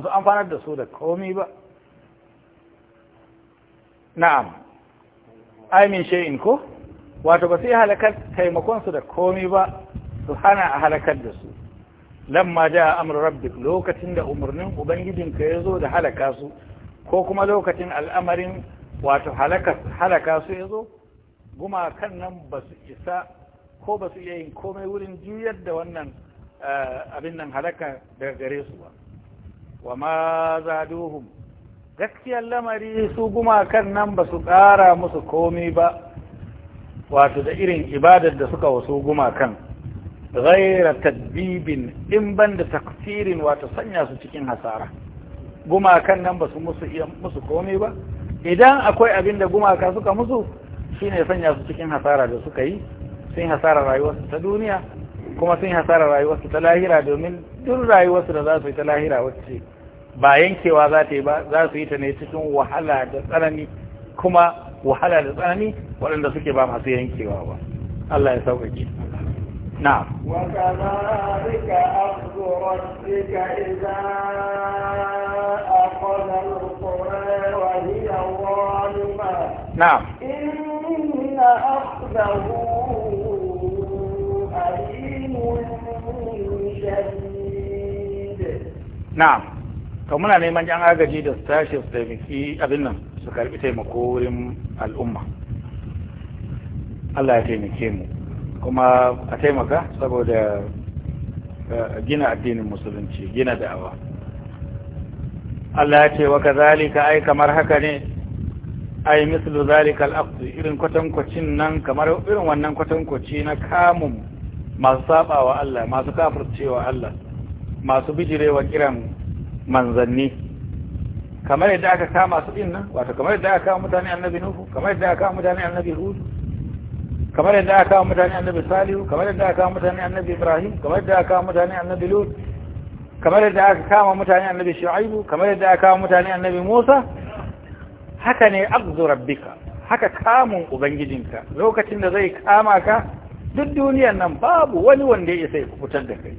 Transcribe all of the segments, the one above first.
su amfanar da su da komi ba na'am aimin shay'in ko wato ba sai halakar taimakon su da komi ba su hana a halakar da su lamma da amru rabbik lokacin da umarnin ubangijinka ya zo da halaka su ko kuma lokacin al'amarin wato halaka su ya zo gumakan nan ba su isa ko ba su iya yin komai wurin juyar da wannan eh, abin nan halaka daga gare su ba wa ma zaduhum gaskiyar lamari su gumakan nan ba su ƙara musu komi ba wato da irin ibadar da suka wasu gumakan ghaira tadbibin in ban da takfirin wato sanya su cikin hasara gumakan nan ba su musu iya musu komi ba idan akwai abin da gumaka suka musu shine sanya su cikin hasara da suka yi sun hasara rayuwarsu ta duniya kuma sun hasara rayuwarsu ta lahira domin duk rayuwarsu da za su yi ta lahira wacce ba yankewa za ta yi ba za su yi ta ne cikin wahala da tsanani kuma wahala da tsanani waɗanda suke ba masu yankewa ba Allah ya sauƙaƙe na'am wa kadhalika akhdhu rabbika idza aqala al-qura wa hiya zalima na'am inna akhdahu na'am to muna neman yan agaji da tashi su taimaki abin nan su karbi taimako wurin al'umma Allah ya taimake mu kuma a taimaka saboda eh, gina addinin musulunci gina da'awa Allah ya ce wa kazalika ai kamar haka ne ai mislu zalika al-aqd irin kwatankwacin nan kamar irin wannan kwatankwaci na kamun masu sabawa Allah masu kafircewa Allah masu bijirewa kiran manzanni kamar yadda aka kama su din nan wato kamar yadda aka kama mutane annabi nuhu kamar yadda aka kama mutane annabi hud kamar yadda aka kama mutane annabi salihu kamar yadda aka kama mutane annabi ibrahim kamar yadda aka kama mutane annabi lut kamar yadda aka kama mutane annabi shu'aibu kamar yadda aka kama mutane annabi musa haka ne abzu rabbika haka kamun ubangijinka lokacin da zai kama ka duk duniyar nan babu wani wanda ya isa ya fitar da kai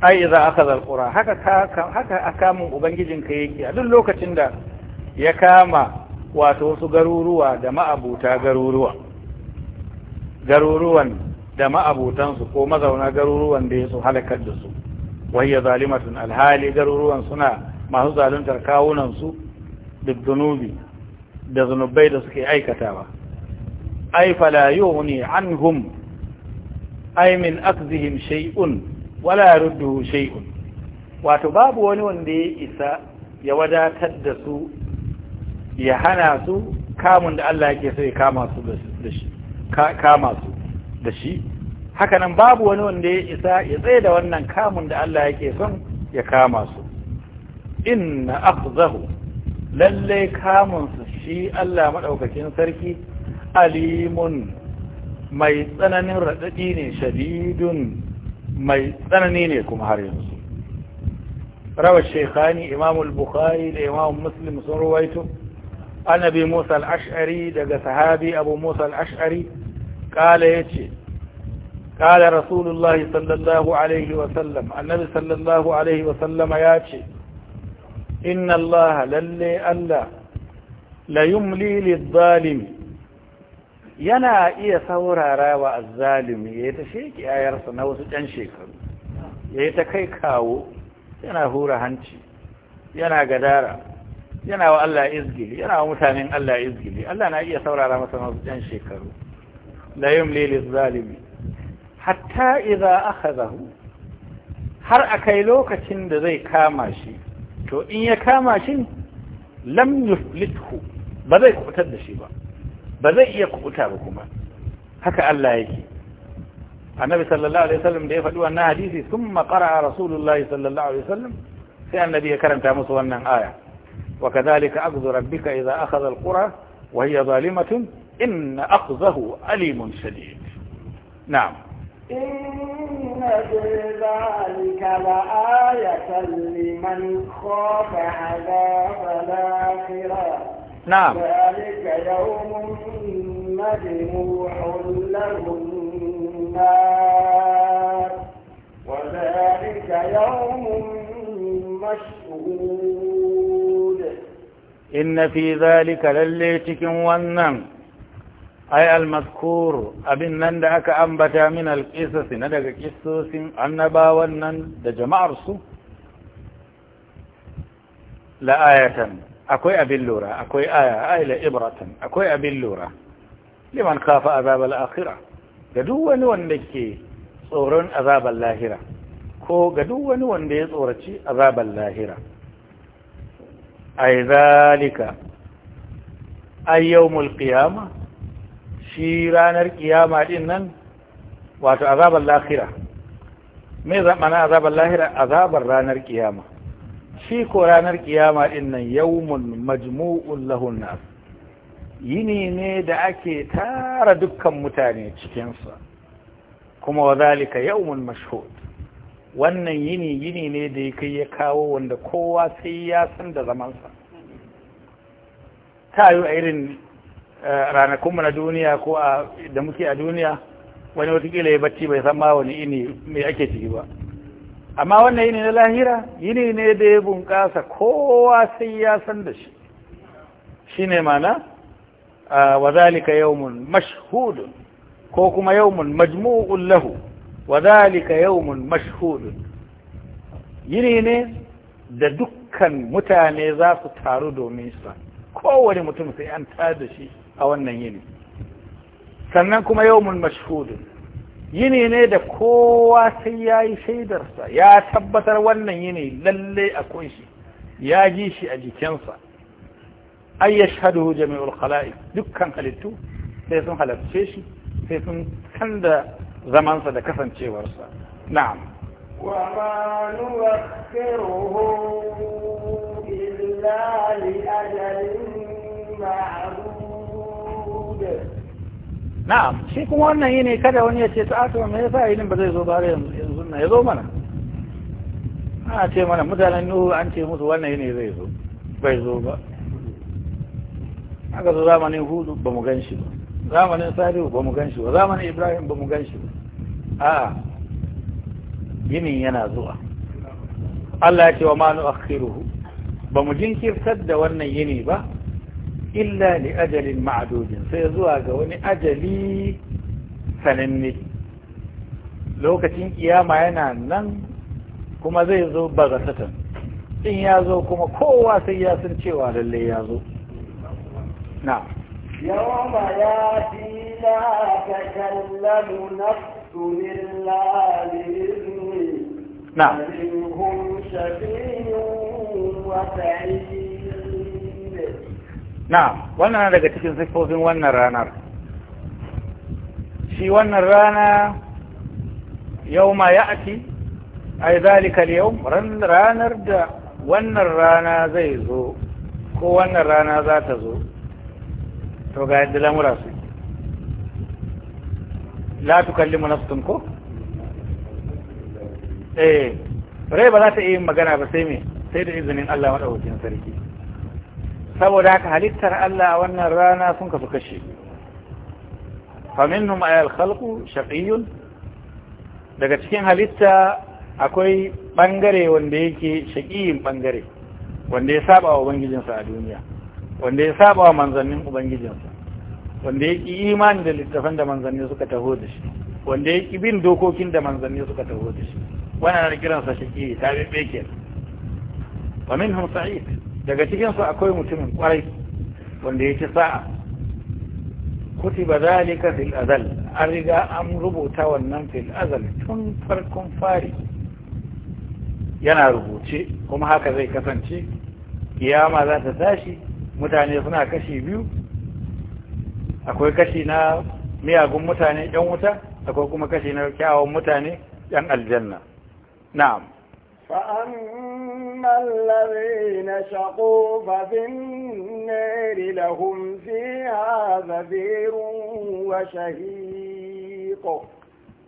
ai za aka alqura haka ka haka akamun ubangijinka yake a duk lokacin da ya kama wato wasu garuruwa da ma'abuta garuruwa garuruwan da ma'abutansu ko mazauna garuruwan da ya su halakar da su wahiyya zalimatun alhali garuruwan suna masu zaluntar kawunansu duk zunubi da zunubai da suke aikatawa ai fala an anhum ai min akzihim shay'un wala rudduhu shay'un wato babu wani wanda ya isa ya wadatar da su ya hana su kamun da Allah yake so ya kama su da shi kama su da shi haka nan babu wani wanda ya isa ya tsaye da wannan kamun da Allah yake son ya kama su inna akhzahu lalle kamun su shi Allah madaukakin sarki alimun mai tsananin radadi ne shadidun mai tsanani ne kuma har yanzu rawa shekani imamul bukhari da imam muslim sun ruwaito annabi musa al'ash'ari daga sahabi abu musa al'ash'ari kala ya ce kala rasulullahi sallallahu alaihi wasallam annabi sallallahu alaihi wasallama ya ce inna allaha lalle allah la yumli lil zalimi yana iya saurara wa azzalimi ya ta sheki ayarsa na wasu ɗan shekaru ya ta kai kawo yana hura hanci yana gadara yana wa Allah izgili yana wa mutanen Allah izgili Allah na iya saurara masa na wasu ɗan shekaru la yumli zalimi hatta idza akhadahu har akai lokacin da zai kama shi to in ya kama shi lam yuflithu ba zai kubutar da shi ba ba zai iya kubuta ba kuma haka Allah yake annabi sallallahu alaihi wasallam da ya faɗi wannan hadisi thumma qara'a rasulullahi sallallahu alaihi wasallam sai annabi ya karanta musu wannan aya wa kadhalika akhdhu rabbika idha akhadha alqura wa hiya zalimatun inna akhdahu alimun shadid na'am إن ذلك لآية لمن خاف عذاب الآخرة نعم ذلك يوم مجموع له النار وذلك يوم مشهود إن في ذلك لليتك والنم أي المذكور أبن نند أكا أنبتا من القصص ندق كسوس النبا والنند جمع رسو لآية akwai abin lura akwai aya aila ibratan akwai abin lura liman kafa azabal akhira ga duk wani wanda ke tsoron azabar lahira ko ga duk wani wanda ya tsoraci azabar lahira ai zalika ai yawmul qiyama shi ranar kiyama din nan wato azabar lahira me zamana azabar lahira azabar ranar kiyama shi ko ranar kiyama din nan yawmun majmu'un lahun nas yini ne da ake tara dukkan mutane cikin sa kuma wa zalika yawmun mashhud wannan yini yini ne da ya ya kawo wanda kowa sai ya san da zamansa ta yi a irin eh, ranakunmu na duniya ko da muke a duniya wani kila ya bacci bai san ma wani ini mai ake ciki ba amma wannan yini na lahira yini ne da ya bunƙasa kowa sai ya san da shi shi ne mana wa zalika yawmun mashhudun ko kuma yawmun majmu'un lahu wa zalika yawmun mashhudun yini ne da dukkan mutane za su taru domin sa kowane mutum sai an tada shi a wannan yini sannan kuma yawmun mashhudun yini ne da kowa sai ya yi shaidarsa ya tabbatar wannan yini lalle akwai shi ya ji shi a jikinsa ai ya shahaduhu jami'ul khala'i dukkan halittu sai sun halarce shi sai sun kan da zamansa da kasancewarsa na'am وما نوخره إلا لأجل معلوم na'am shi kuma wannan yi ne kada wani ya ce ta ato mai yasa yinin ba zai zo bare yanzu na ya zo mana a ce mana mutanen nuhu an ce musu wannan yi ne zai zo bai zo ba aka zo zamanin hudu ba mu gan shi ba zamanin salihu ba mu gan shi ba zamanin ibrahim ba mu gan shi ba a yinin yana zuwa Allah ya ce wa ma nu'akhiruhu ba mu jinkirtar da wannan yini ba illa li ajalin ma'adudin sai zuwa ga wani ajali sananne lokacin kiyama yana nan kuma zai zo bagasatan in ya zo kuma kowa sai ya san cewa lalle ya zo na يوم ياتي لا تكلم نفس إلا بإذنه نعم منهم شفيع وسعيد na wannan daga cikin siffofin wannan ranar shi wannan rana yau ma ya ake yi zalika yau ranar da wannan rana zai zo ko wannan rana za ta zo to ga yadda lamura su la tukallimu nafsun ko eh rai ba za ta yi magana ba sai me sai da izinin Allah madaukakin sarki saboda haka halittar Allah a wannan rana sun kafa kashe faminhum ayal khalqu shaqiyun daga cikin halitta akwai bangare wanda yake shaqiyin bangare wanda ya saba wa ubangijinsa a duniya wanda ya saba wa manzannin ubangijinsa wanda ya imani da littafan da manzanni suka taho da shi wanda ya bin dokokin da manzanni suka taho da shi wannan na kiransa shaqiyi ta bebe kenan wa sa'id daga cikin cikinsu akwai mutumin kwarai wanda ya ci sa'a kutiba zalika fil azal an riga an rubuta wannan fil azal tun farkon fari yana rubuce kuma haka zai kasance kiyama za ta tashi mutane suna kashi biyu akwai kashi na miyagun mutane yan wuta akwai kuma kashi na kyawun mutane yan aljanna na'am فأما الذين شقوا ففي النار لهم فيها زفير وشهيق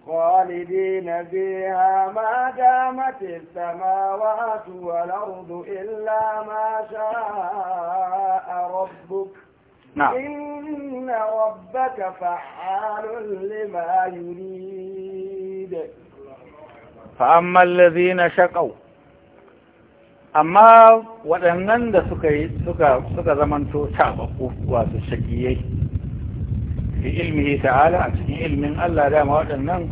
خالدين فيها ما دامت السماوات والأرض إلا ما شاء ربك نعم. إن ربك فعال لما يريد fa'amman na shaƙau amma waɗannan da suka yi suka zamanto taɓaɓɓu wasu shaƙiyai fi ilmihi ta'ala a cikin ilmin Allah dama waɗannan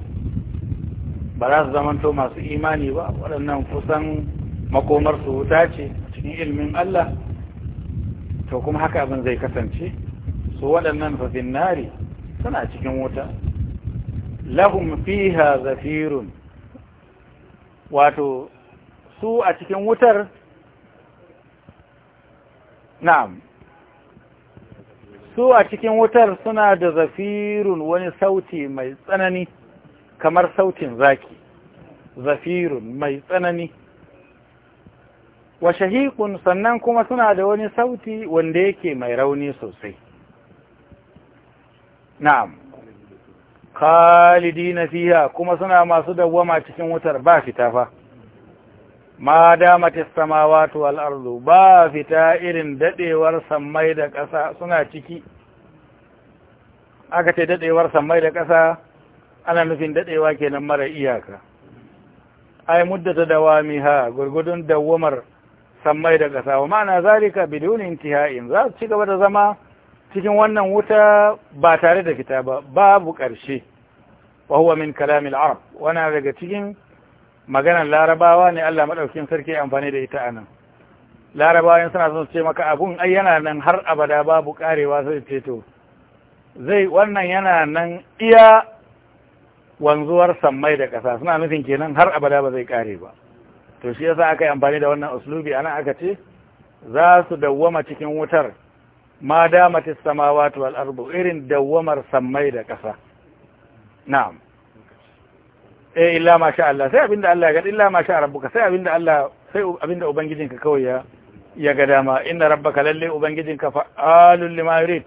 ba za su zamanto masu imani ba waɗannan kusan makomarsu wuta ce a cikin ilmin Allah to kuma haka abin zai kasance su waɗannan fafin nari suna cikin wuta lahum fiha zafirun wato su a cikin wutar na'am su a cikin wutar suna da zafirun wani sauti mai tsanani kamar sautin zaki zafirun mai tsanani wa shahiqun sannan kuma suna da wani sauti wanda yake mai rauni sosai na'am khalidina fiha kuma suna masu dawwama cikin wutar ba fita fa ma damatis samawati wal ardu ba fita irin dadewar samai da ƙasa suna ciki aka ce dadewar samai da ƙasa ana nufin dadewa kenan mara iyaka ai muddata dawamiha gurgudun dawwamar sammai da ƙasa wa ma'ana zalika bidun intiha'in za su ci gaba da zama cikin wannan wuta ba tare da fita ba babu ƙarshe wa huwa min kalamil arab wana daga cikin maganar larabawa ne Allah madaukakin sarki amfani da ita anan larabawa suna son su ce maka abun ai yana nan har abada babu karewa sai ce to zai wannan yana nan iya wanzuwar sammai da ƙasa suna nufin kenan har abada ba zai kare ba to shi yasa aka yi amfani da wannan uslubi ana aka ce za su dawwama cikin wutar ma damatis samawati wal ardu irin dawwamar sammai da ƙasa na'am eh illa ma sha Allah sai abinda Allah ya ga illa ma sha rabbuka sai abinda Allah sai abinda ubangijinka kawai ya ya ga dama inna rabbaka lalle ubangijinka fa'alul lima yurid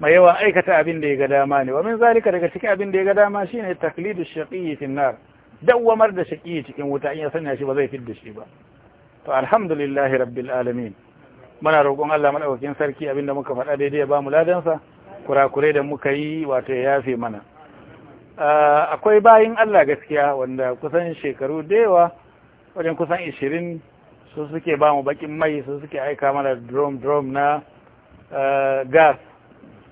mai yawa aikata abin da ya ga dama ne wa min zalika daga cikin abin da ya ga dama shine taklidu shaqiyyi fi nar dawwamar da shaqiyyi cikin wuta in ya sanya shi ba zai fidda shi ba to alhamdulillahi rabbil alamin muna roƙon Allah madaukakin sarki abinda muka faɗa daidai ya ba mu ladansa kurakurai da muka yi wato ya yafe mana akwai bayin Allah gaskiya wanda kusan shekaru da yawa wajen kusan 20 su suke ba mu bakin mai su suke aika mana drum drum na gas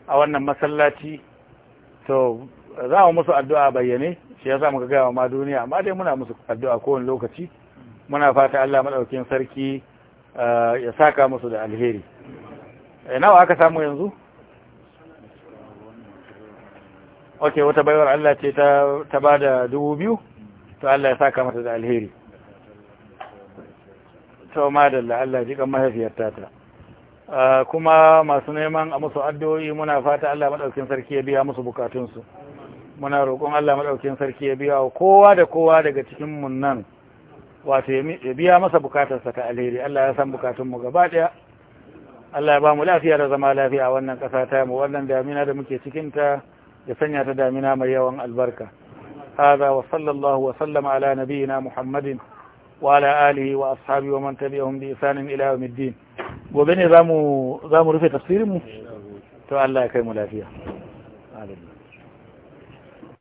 a wannan masallaci to za mu musu addu'a bayyane shi yasa muka gaya ma duniya amma dai muna musu addu'a kowane lokaci muna fata Allah madaukakin sarki Eh, ya saka musu da alheri eh, nawa aka samu yanzu ok wata baiwar Allah ce ta ba da dubu biyu to Allah ya saka mata da alheri to da Allah ji kan mahaifiyarta ta eh, kuma masu neman a musu addu'o'i muna fata Allah maɗaukin sarki ya biya musu bukatunsu muna roƙon Allah maɗaukin sarki ya biya kowa da kowa daga cikin munan. wato ya biya masa bukatarsa ta alheri Allah ya san mu gaba daya Allah ya ba mu lafiya da zama lafiya a wannan kasa ta mu wannan damina da muke cikin ta ya sanya ta damina mai yawan albarka hadha wa sallallahu wa sallama ala nabiyyina muhammadin wa ala alihi wa ashabi wa man tabi'ahum bi ihsanin ila yawmiddin gobe ne za mu rufe tafsirin mu to Allah ya kai mu lafiya